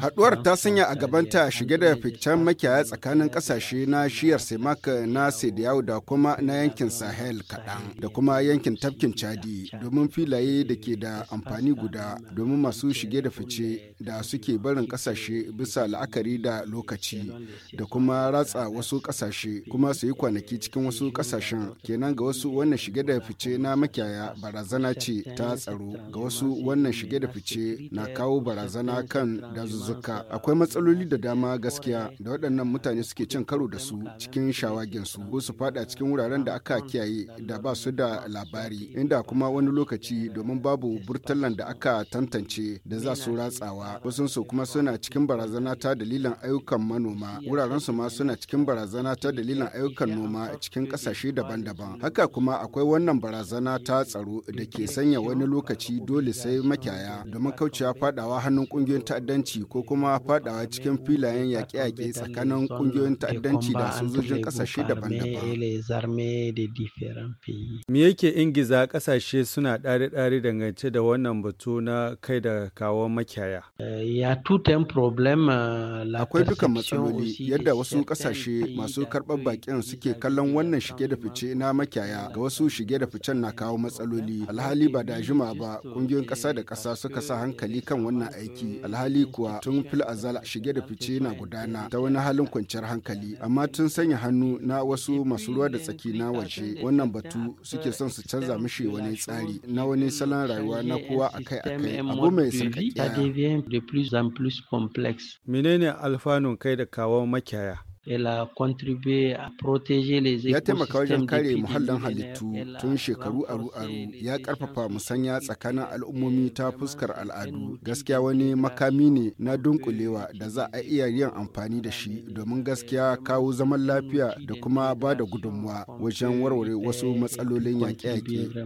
Haɗuwar ta sanya a gabanta shige da fikcen makiyaya tsakanin kasashe na shiyar Semaka na Sediyau da kuma na yankin Sahel kaɗan da kuma yankin tafkin Chadi domin filaye da ke da amfani guda domin masu shige da fice da suke barin kasashe bisa la'akari da lokaci da kuma ratsa wasu ƙasashe kuma su yi kwanaki cikin wasu ƙasashen kenan ga wasu wannan shige da fice na makiyaya barazana ce ta tsaro ga wasu wannan shige da fice na kawo barazana kan dazuzzuka akwai matsaloli da dama gaskiya da waɗannan mutane suke cin karo da su cikin shawagin su ko su fada cikin wuraren da aka kiyaye da ba su da labari inda kuma wani lokaci domin babu Burtallan da aka tantance da za su ratsawa wasu su kuma suna cikin barazana ta dalilan ayyukan manoma Wurarensu ma suna cikin barazana ta dalilin ayyukan noma cikin ƙasashe daban-daban haka kuma akwai wannan barazana ta tsaro da ke sanya wani lokaci dole sai makiyaya domin kaucewa fadawa hannun kungiyoyin ta'addanci ko kuma fadawa cikin filayen yaƙe-yaƙe tsakanin kungiyoyin ta'addanci da sojojin kasashe daban-daban. Me yake ingiza ƙasashe suna ɗare-ɗare dangance da wannan batu na kai da kawo makiyaya? Akwai dukan matsaloli yadda wasu ƙasashe masu karɓar baƙin suke kallon wannan shige da fice na makiyaya ga wasu shige da ficen na kawo matsaloli alhali ba da jima ba kungiyoyin ƙasa da ƙasa suka aka sa hankali kan wannan aiki alhali kuwa tun fil azal shige da fice na gudana ta wani halin kwanciyar hankali amma tun sanya hannu na wasu masu ruwa da tsaki na waje wannan batu suke son su canza mishi wani tsari na wani salon rayuwa na kowa akai akai abu mai sarkakiya menene alfanun kai da kawo makiyaya ya taimaka wajen kare muhallin halittu tun shekaru aru-aru ya karfafa musanya tsakanin al'ummomi ta fuskar al'adu gaskiya wani makami ne na dunkulewa da za a iya yin amfani da shi domin gaskiya kawo zaman lafiya da kuma ba da gudunmuwa wajen warware wasu matsalolin yaƙe-yaƙe.